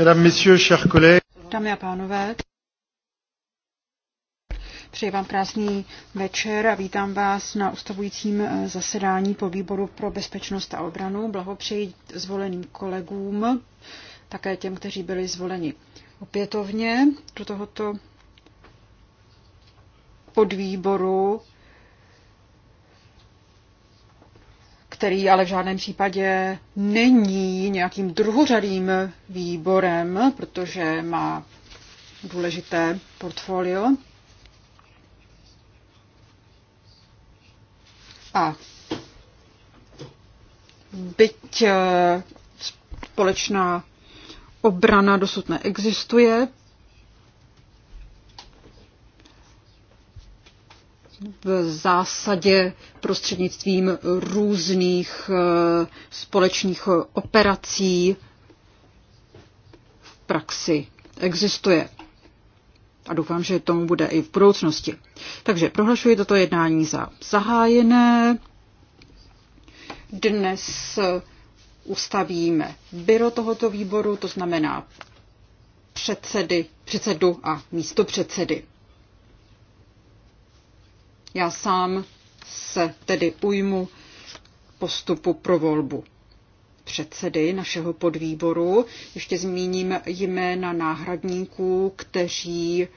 Mesdames, Messieurs, chers collègues. Dámy a pánové, přeji vám krásný večer a vítám vás na ustavujícím eh, zasedání po výboru pro bezpečnost a obranu. Blahopřeji zvoleným kolegům, také těm, kteří byli zvoleni opětovně do tohoto podvýboru který ale v žádném případě není nějakým druhořadým výborem, protože má důležité portfolio. A byť eh, společná obrana dosud neexistuje, v zásadě prostřednictvím různých eh, společných eh, operací v praxi existuje. A doufám, že tomu bude i v budoucnosti. Takže prohlašuji toto jednání za zahájené. Dnes eh, ustavíme byro tohoto výboru, to znamená předsedy, předsedu a místopředsedy. Já sám se tedy ujmu postupu pro volbu předsedy našeho podvýboru. Ještě zmíním jména náhradníků, kteří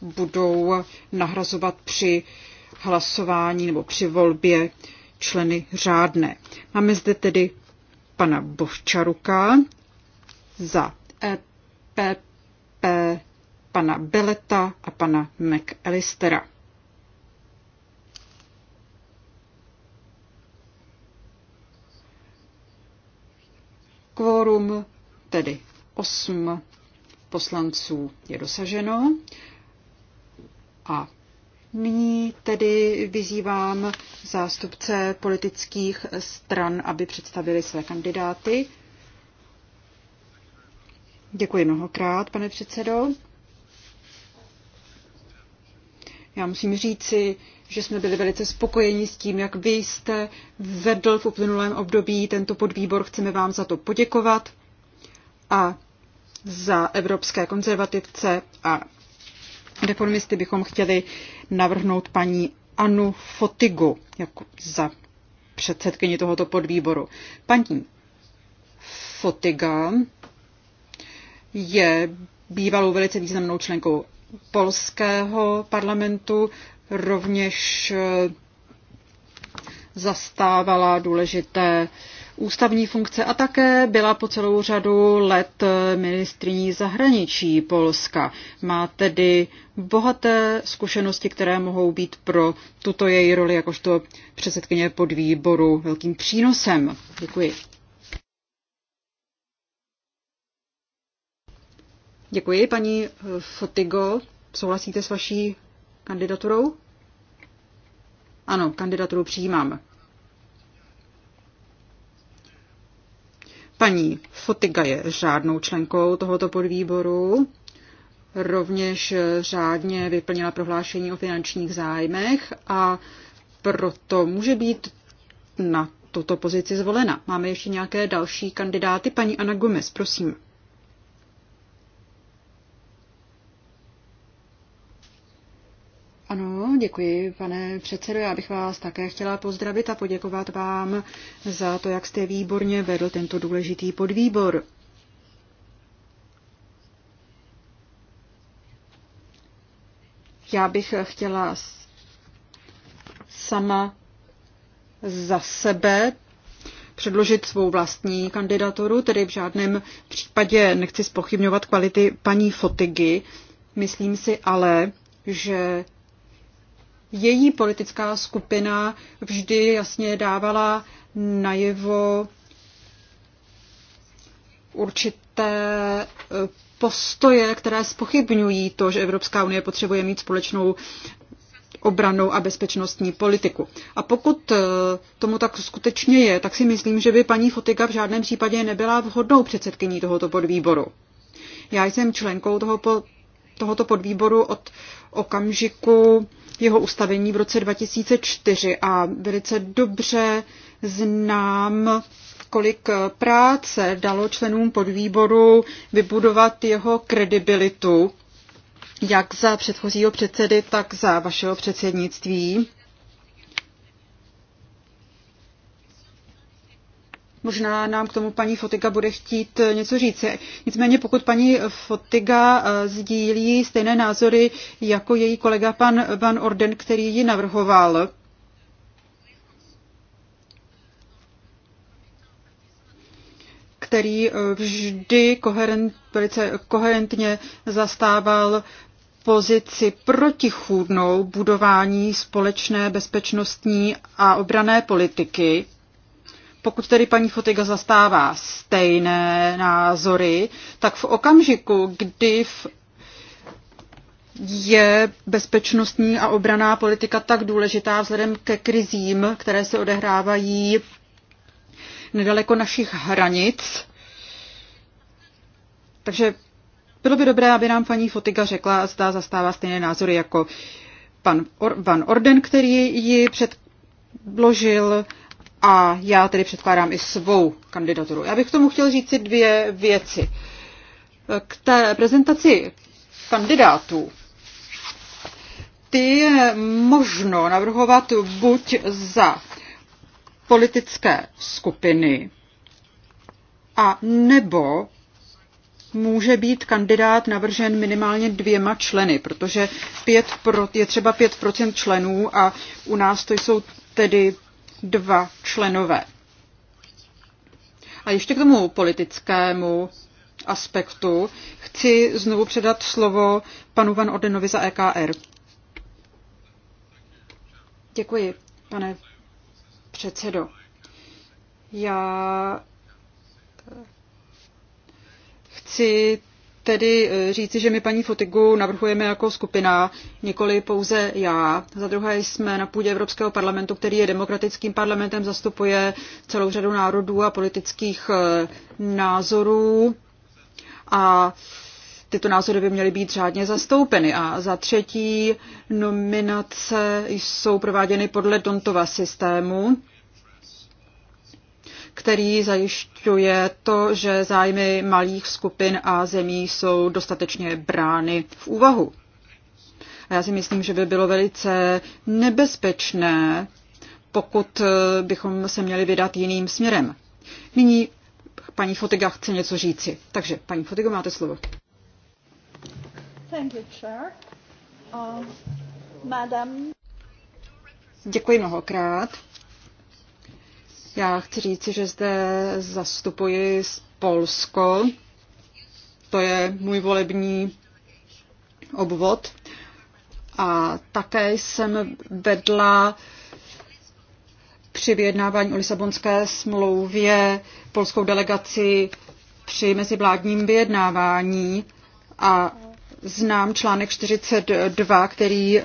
budou nahrazovat při hlasování nebo při volbě členy řádné. Máme zde tedy pana Bovčaruka za EPP, pana Beleta a pana McAllistera. Kvorum, tedy 8 poslanců je dosaženo. A nyní tedy vyzývám zástupce politických stran, aby představili své kandidáty. Děkuji mnohokrát, pane předsedo. Já musím říci, že jsme byli velice spokojeni s tím, jak vy jste vedl v uplynulém období tento podvýbor. Chceme vám za to poděkovat a za evropské konzervativce a reformisty bychom chtěli navrhnout paní Anu Fotigu jako za předsedkyni tohoto podvýboru. Paní Fotiga je bývalou velice významnou členkou polského parlamentu rovněž eh, zastávala důležité ústavní funkce a také byla po celou řadu let eh, ministriní zahraničí Polska. Má tedy bohaté zkušenosti, které mohou být pro tuto její roli jakožto předsedkyně podvýboru velkým přínosem. Děkuji. Děkuji, paní eh, Fotigo. Souhlasíte s vaší kandidaturou? Ano, kandidaturu přijímám. Paní Fotiga je řádnou členkou tohoto podvýboru. Rovněž řádně vyplnila prohlášení o finančních zájmech a proto může být na tuto pozici zvolena. Máme ještě nějaké další kandidáty? Paní Ana Gomez, prosím. Ano, děkuji, pane předsedo. Já bych vás také chtěla pozdravit a poděkovat vám za to, jak jste výborně vedl tento důležitý podvýbor. Já bych chtěla sama za sebe předložit svou vlastní kandidaturu, tedy v žádném případě nechci spochybňovat kvality paní Fotigy. Myslím si ale, že její politická skupina vždy jasně dávala najevo určité e, postoje, které spochybňují to, že Evropská unie potřebuje mít společnou obranou a bezpečnostní politiku. A pokud e, tomu tak skutečně je, tak si myslím, že by paní Fotiga v žádném případě nebyla vhodnou předsedkyní tohoto podvýboru. Já jsem členkou toho tohoto podvýboru od okamžiku jeho ustavení v roce 2004 a velice dobře znám, kolik práce dalo členům podvýboru vybudovat jeho kredibilitu, jak za předchozího předsedy, tak za vašeho předsednictví. Možná nám k tomu paní Fotiga bude chtít eh, něco říci. Nicméně pokud paní Fotiga eh, sdílí stejné názory jako její kolega pan Van Orden, který ji navrhoval, který eh, vždy koherent, velice koherentně zastával pozici protichůdnou budování společné bezpečnostní a obrané politiky, pokud tedy paní Fotiga zastává stejné názory, tak v okamžiku, kdy v je bezpečnostní a obraná politika tak důležitá vzhledem ke krizím, které se odehrávají nedaleko našich hranic. Takže bylo by dobré, aby nám paní Fotiga řekla, zda zastává stejné názory jako pan Or- Van Orden, který ji předložil, a já tedy předkládám i svou kandidaturu. Já bych k tomu chtěl říci dvě věci. K té prezentaci kandidátů ty je možno navrhovat buď za politické skupiny, a nebo může být kandidát navržen minimálně dvěma členy, protože pět pro, je třeba 5% členů a u nás to jsou tedy dva členové. A ještě k tomu politickému aspektu chci znovu předat slovo panu Van Ordenovi za EKR. Děkuji, pane předsedo. Já chci tedy eh, říci, že my paní Fotigu navrhujeme jako skupina, nikoli pouze já. Za druhé jsme na půdě Evropského parlamentu, který je demokratickým parlamentem, zastupuje celou řadu národů a politických eh, názorů a tyto názory by měly být řádně zastoupeny. A za třetí, nominace jsou prováděny podle Dontova systému který zajišťuje to, že zájmy malých skupin a zemí jsou dostatečně brány v úvahu. A já si myslím, že by bylo velice nebezpečné, pokud bychom se měli vydat jiným směrem. Nyní paní Fotiga chce něco říci. Takže, paní Fotigo, máte slovo. Thank you, chair. Uh, madam. Děkuji mnohokrát. Já chci říct, že zde zastupuji Polsko. To je můj volební obvod. A také jsem vedla při vyjednávání o Lisabonské smlouvě polskou delegaci při mezivládním vyjednávání a znám článek 42, který eh,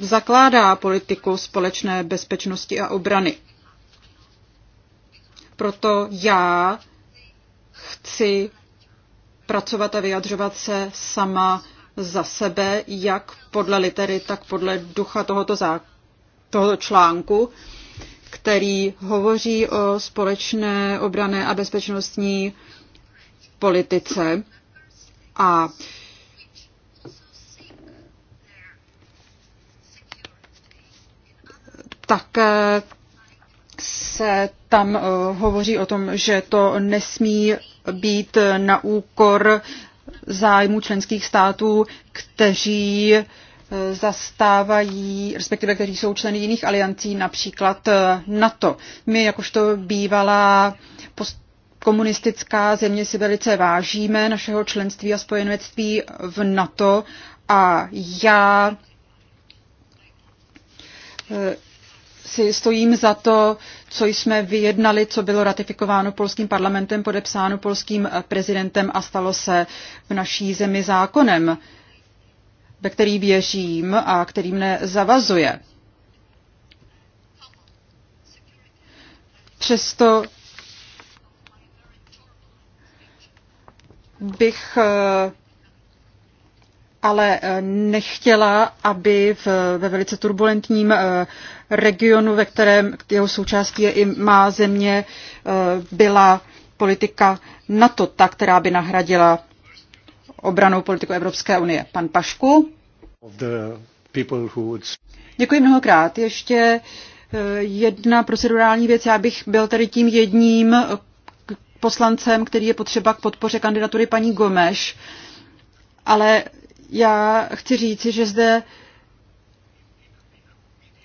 zakládá politiku společné bezpečnosti a obrany. Proto já chci pracovat a vyjadřovat se sama za sebe, jak podle litery, tak podle ducha tohoto, zá, tohoto článku, který hovoří o společné obrané a bezpečnostní politice. A také se tam eh, hovoří o tom, že to nesmí být na úkor zájmu členských států, kteří eh, zastávají, respektive kteří jsou členy jiných aliancí, například eh, NATO. My, jakožto bývalá komunistická země, si velice vážíme našeho členství a spojenectví v NATO a já si stojím za to, co jsme vyjednali, co bylo ratifikováno polským parlamentem, podepsáno polským eh, prezidentem a stalo se v naší zemi zákonem, ve který věřím a který mne zavazuje. Přesto bych eh, ale eh, nechtěla, aby v, ve velice turbulentním eh, regionu, ve kterém jeho součástí je i má země, eh, byla politika NATO, ta, která by nahradila obranou politiku Evropské unie. Pan Pašku. Děkuji mnohokrát. Ještě jedna procedurální věc. Já bych byl tady tím jedním poslancem, který je potřeba k podpoře kandidatury paní Gomeš, ale já chci říci, že zde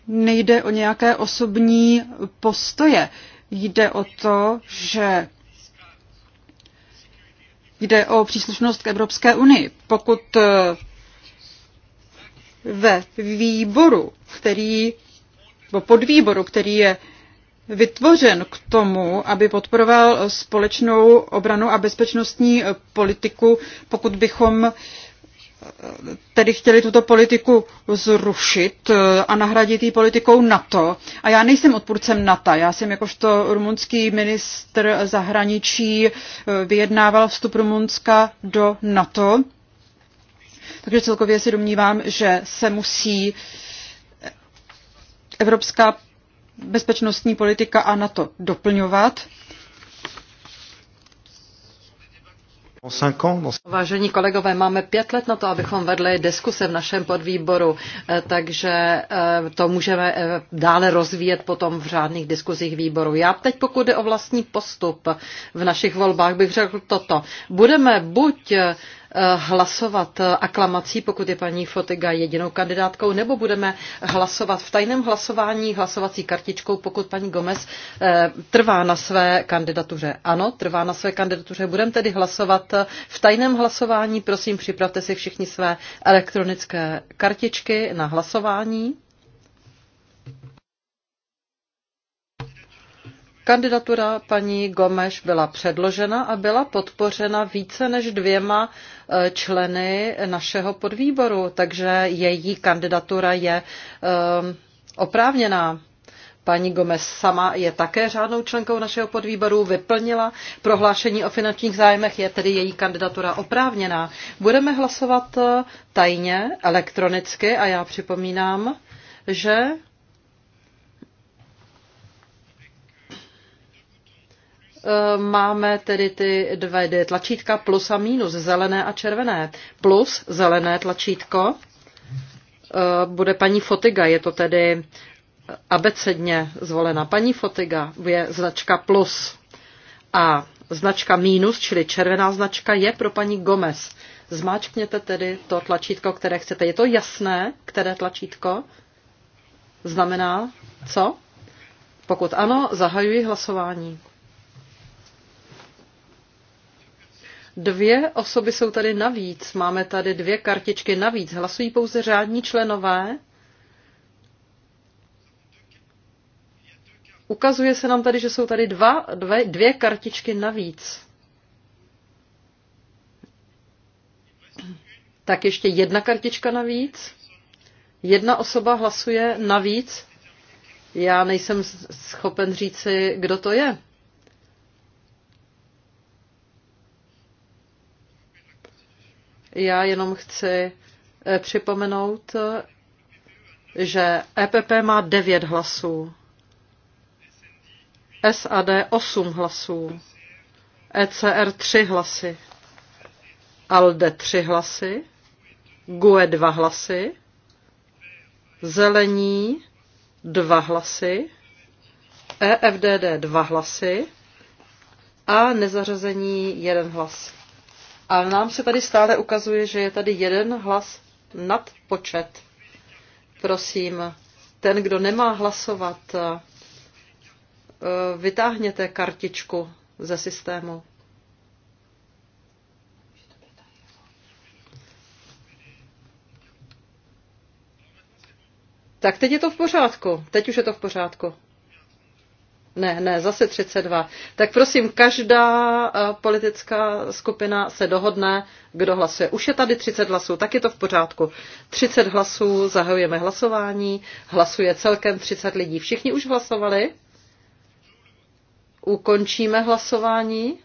nejde o nějaké osobní postoje. Jde o to, že jde o příslušnost k Evropské unii. Pokud eh, ve výboru, který, nebo podvýboru, který je vytvořen k tomu, aby podporoval společnou obranu a bezpečnostní eh, politiku, pokud bychom tedy chtěli tuto politiku zrušit eh, a nahradit ji politikou NATO. A já nejsem odpůrcem NATO. Já jsem jakožto rumunský ministr zahraničí eh, vyjednával vstup Rumunska do NATO. Takže celkově si domnívám, že se musí eh, evropská bezpečnostní politika a NATO doplňovat. Vážení kolegové, máme pět let na to, abychom vedli diskuse v našem podvýboru, eh, takže eh, to můžeme eh, dále rozvíjet potom v řádných diskuzích výboru. Já teď, pokud jde o vlastní postup v našich volbách, bych řekl toto. Budeme buď Eh, hlasovat aklamací, pokud je paní Fotiga jedinou kandidátkou, nebo budeme hlasovat v tajném hlasování hlasovací kartičkou, pokud paní Gomez eh, trvá na své kandidatuře. Ano, trvá na své kandidatuře. Budeme tedy hlasovat eh, v tajném hlasování. Prosím, připravte si všichni své elektronické kartičky na hlasování. Kandidatura paní Gomeš byla předložena a byla podpořena více než dvěma e, členy našeho podvýboru, takže její kandidatura je e, oprávněná. Paní Gomez sama je také řádnou členkou našeho podvýboru, vyplnila prohlášení o finančních zájmech, je tedy její kandidatura oprávněná. Budeme hlasovat e, tajně, elektronicky a já připomínám, že Eh, máme tedy ty dvě tlačítka plus a minus, zelené a červené. Plus zelené tlačítko eh, bude paní Fotiga, je to tedy abecedně zvolena. Paní Fotiga je značka plus a značka minus, čili červená značka, je pro paní Gomez. Zmáčkněte tedy to tlačítko, které chcete. Je to jasné, které tlačítko znamená co? Pokud ano, zahajuji hlasování. Dvě osoby jsou tady navíc. Máme tady dvě kartičky navíc. Hlasují pouze řádní členové. Ukazuje se nám tady, že jsou tady dva, dvě, dvě kartičky navíc. Tak ještě jedna kartička navíc. Jedna osoba hlasuje navíc. Já nejsem schopen říci, kdo to je. Já jenom chci eh, připomenout, že EPP má 9 hlasů, SAD 8 hlasů, ECR 3 hlasy, ALDE 3 hlasy, GUE 2 hlasy, Zelení 2 hlasy, EFDD 2 hlasy a nezařazení 1 hlas. A nám se tady stále ukazuje, že je tady jeden hlas nad počet. Prosím, ten, kdo nemá hlasovat, eh, vytáhněte kartičku ze systému. Tak teď je to v pořádku. Teď už je to v pořádku. Ne, ne, zase 32. Tak prosím, každá eh, politická skupina se dohodne, kdo hlasuje. Už je tady 30 hlasů, tak je to v pořádku. 30 hlasů, zahajujeme hlasování, hlasuje celkem 30 lidí. Všichni už hlasovali? Ukončíme hlasování?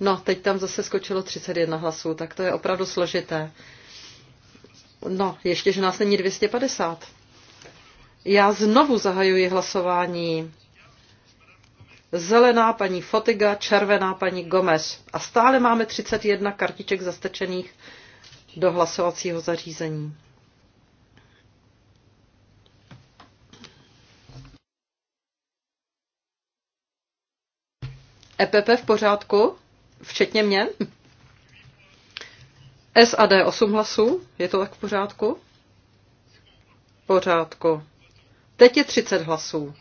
No, teď tam zase skočilo 31 hlasů, tak to je opravdu složité. No, ještě, že nás není 250. Já znovu zahajuji hlasování zelená paní Fotiga, červená paní Gomez. A stále máme 31 kartiček zastečených do hlasovacího zařízení. EPP v pořádku, včetně mě. SAD 8 hlasů, je to tak v pořádku? Pořádku. Teď je 30 hlasů.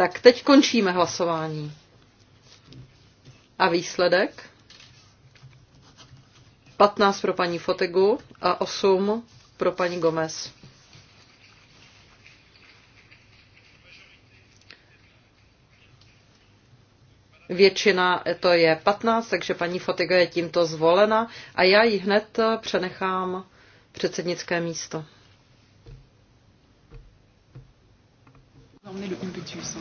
Tak teď končíme hlasování. A výsledek? 15 pro paní Fotegu a 8 pro paní Gomez. Většina to je 15, takže paní Fotega je tímto zvolena a já ji hned přenechám předsednické místo. Emmener le compétus.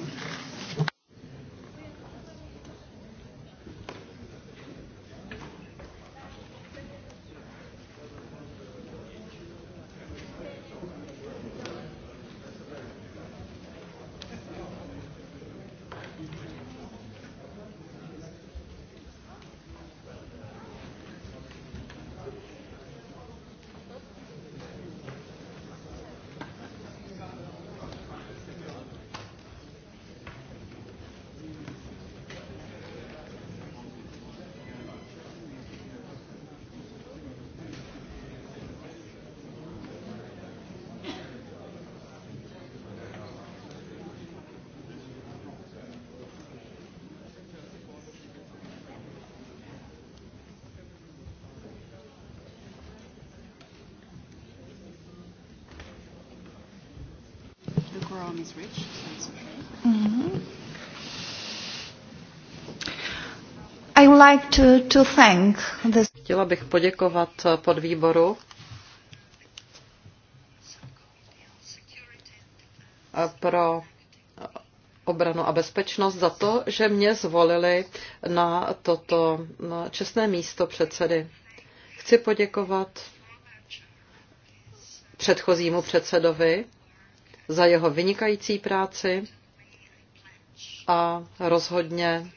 is so it's okay. Mm-hmm. I would like to, to thank this. Chtěla bych poděkovat podvýboru pro obranu a bezpečnost za to, že mě zvolili na toto čestné místo předsedy. Chci poděkovat předchozímu předsedovi za jeho vynikající práci a rozhodně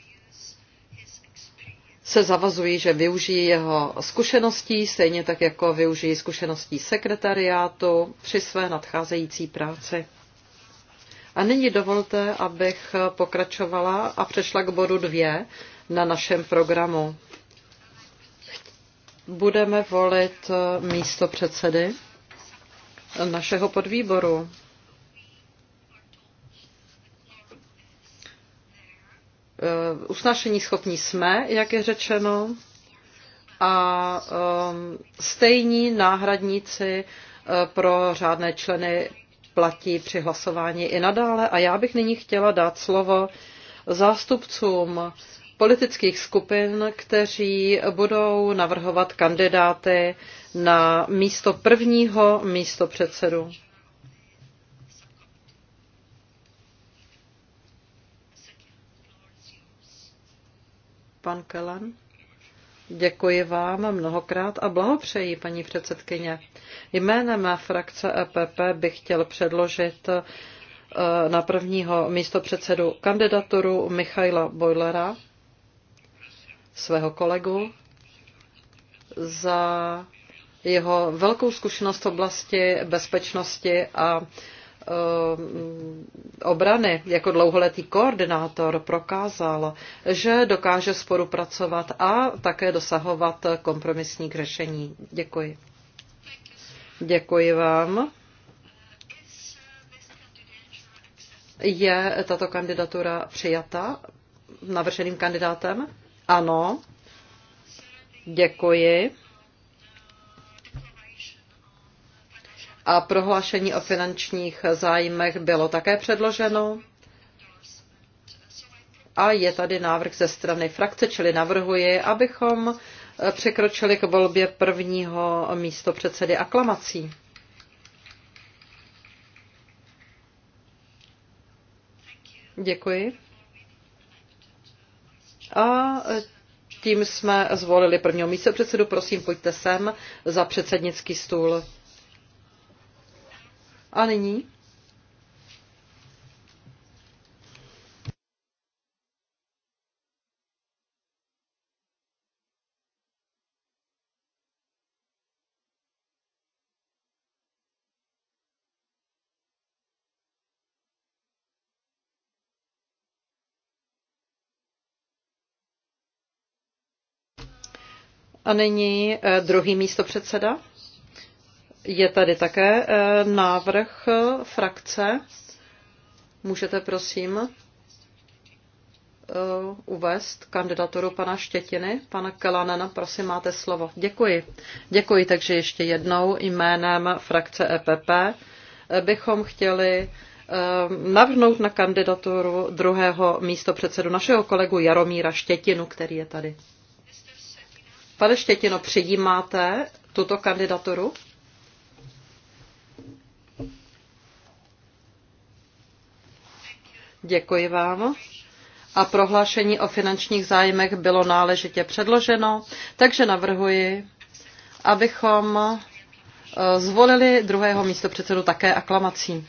se zavazují, že využijí jeho zkušeností, stejně tak jako využijí zkušeností sekretariátu při své nadcházející práci. A nyní dovolte, abych pokračovala a přešla k bodu dvě na našem programu. Budeme volit místo předsedy našeho podvýboru. usnašení schopní jsme, jak je řečeno, a um, stejní náhradníci uh, pro řádné členy platí při hlasování i nadále. A já bych nyní chtěla dát slovo zástupcům politických skupin, kteří budou navrhovat kandidáty na místo prvního místo předsedu. Pan Kellen. Děkuji vám mnohokrát a blahopřeji, paní předsedkyně. Jménem frakce EPP bych chtěl předložit eh, na prvního místo předsedu kandidaturu Michaila Boilera, svého kolegu, za jeho velkou zkušenost v oblasti bezpečnosti a Eh, obrany jako dlouholetý koordinátor prokázal, že dokáže spolupracovat a také dosahovat kompromisních řešení. Děkuji. Děkuji vám. Je tato kandidatura přijata navrženým kandidátem? Ano. Děkuji. a prohlášení o finančních zájmech bylo také předloženo. A je tady návrh ze strany frakce, čili navrhuji, abychom překročili k volbě prvního místo předsedy aklamací. Děkuji. A tím jsme zvolili prvního předsedu. Prosím, pojďte sem za předsednický stůl. A nyní? A nyní eh, druhý místo předseda. Je tady také eh, návrh frakce. Můžete prosím eh, uvést kandidaturu pana Štětiny. Pana Kelanena, prosím, máte slovo. Děkuji. Děkuji, takže ještě jednou jménem frakce EPP eh, bychom chtěli navrhnout na kandidaturu druhého místo předsedu našeho kolegu Jaromíra Štětinu, který je tady. Pane Štětino, přijímáte tuto kandidaturu? Děkuji vám. A prohlášení o finančních zájmech bylo náležitě předloženo, takže navrhuji, abychom e, zvolili druhého místo předsedu také aklamací.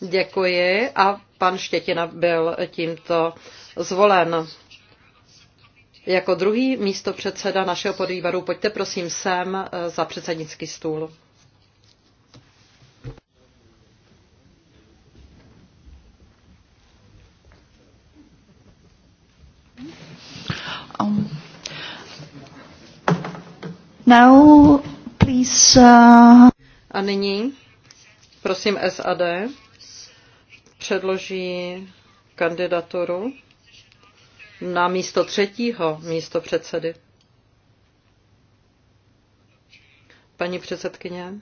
Děkuji a pan Štětina byl tímto zvolen. Jako druhý místo předseda našeho podvýboru, pojďte prosím sem e, za předsednický stůl. Now, please, uh... A nyní, prosím SAD, předloží kandidaturu na místo třetího místo předsedy. Paní předsedkyně,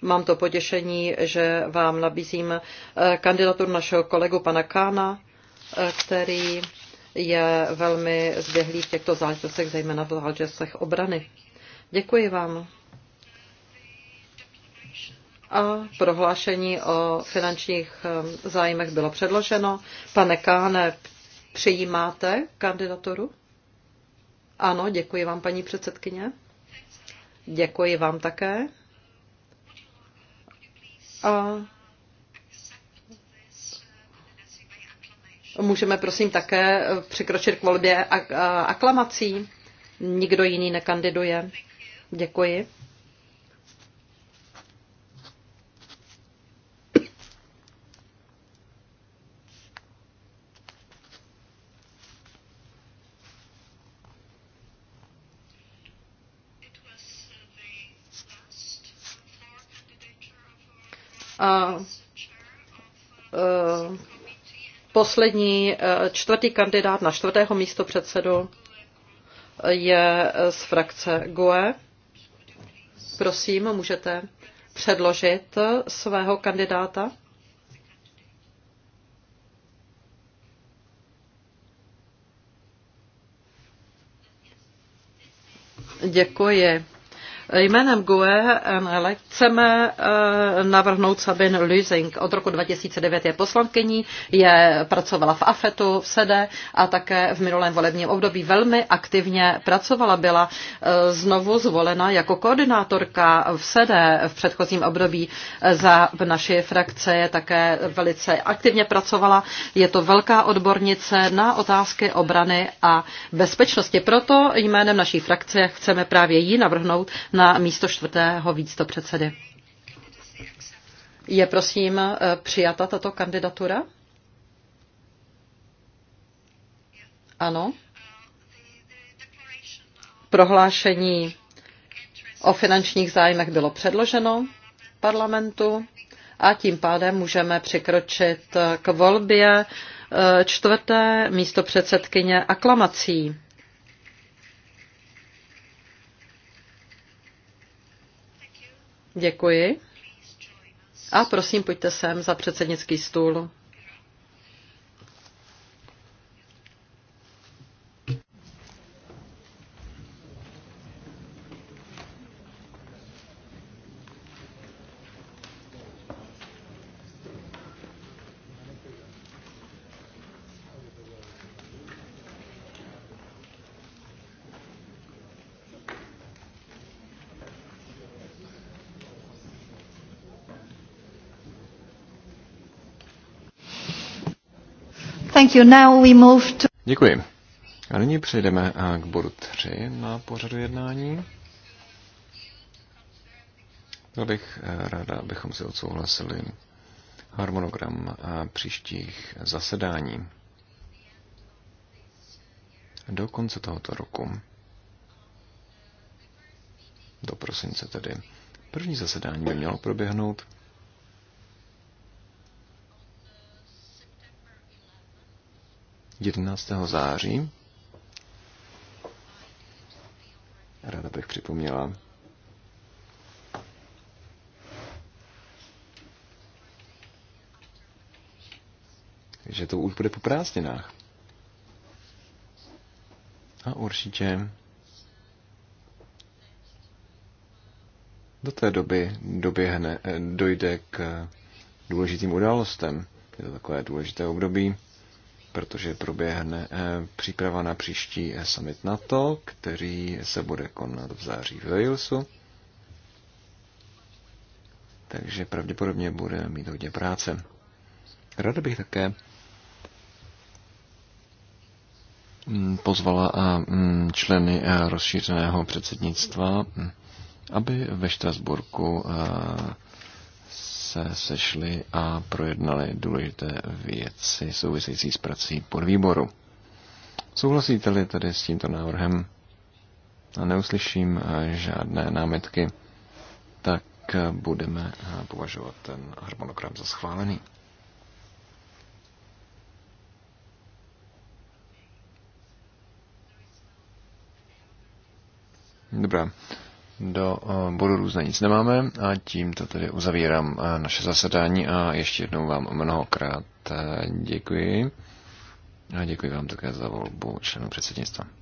mám to potěšení, že vám nabízím eh, kandidaturu našeho kolegu pana Kána, eh, který je velmi zběhlý v těchto záležitostech, zejména v záležitostech obrany. Děkuji vám. A prohlášení o finančních um, zájmech bylo předloženo. Pane Káne, přijímáte kandidaturu? Ano, děkuji vám, paní předsedkyně. Děkuji vám také. A Můžeme prosím také přikročit k volbě aklamací. Nikdo jiný nekandiduje. Děkuji. A poslední eh, čtvrtý kandidát na čtvrtého místo předsedu eh, je eh, z frakce GUE. Prosím, můžete předložit svého kandidáta. Děkuji. Jménem GUE NL chceme eh, navrhnout Sabin Lusing. Od roku 2009 je poslankyní, je pracovala v AFETu, v SEDE e a také v minulém volebním období velmi aktivně pracovala. Byla eh, znovu zvolena jako koordinátorka v SEDE e v předchozím období eh, za v naši frakce, také velice aktivně pracovala. Je to velká odbornice na otázky obrany a bezpečnosti. Proto jménem naší frakce chceme právě ji navrhnout na místo čtvrtého předsedy. Je prosím eh, přijata tato kandidatura? Ano. Prohlášení o finančních zájmech bylo předloženo parlamentu a tím pádem můžeme přikročit k volbě eh, čtvrté místo předsedkyně aklamací. Děkuji. A prosím, pojďte sem za předsednický stůl. Děkuji. A nyní přejdeme k bodu 3 na pořadu jednání. Byl bych e, ráda, abychom si odsouhlasili harmonogram příštích zasedání do konce tohoto roku. Do prosince tedy. První zasedání by mělo proběhnout 11. září. Ráda bych připomněla, že to už bude po prázdninách. A určitě do té doby doběhne, eh, dojde k důležitým událostem. Je to takové důležité období protože proběhne eh, příprava na příští eh, summit NATO, který se bude konat v září v Walesu. Takže pravděpodobně bude mít hodně práce. Ráda bych také mm, pozvala eh, mm, členy rozšířeného předsednictva, mm, aby ve Štrasburku se sešli a projednali důležité věci související s prací podvýboru. Souhlasíte-li tedy s tímto návrhem a neuslyším eh, žádné námitky, tak eh, budeme eh, považovat ten harmonogram za schválený. Dobrá do eh, bodu různé nic nemáme a tímto tedy uzavírám eh, naše zasedání a ještě jednou vám mnohokrát eh, děkuji. A děkuji vám také za volbu členů předsednictva.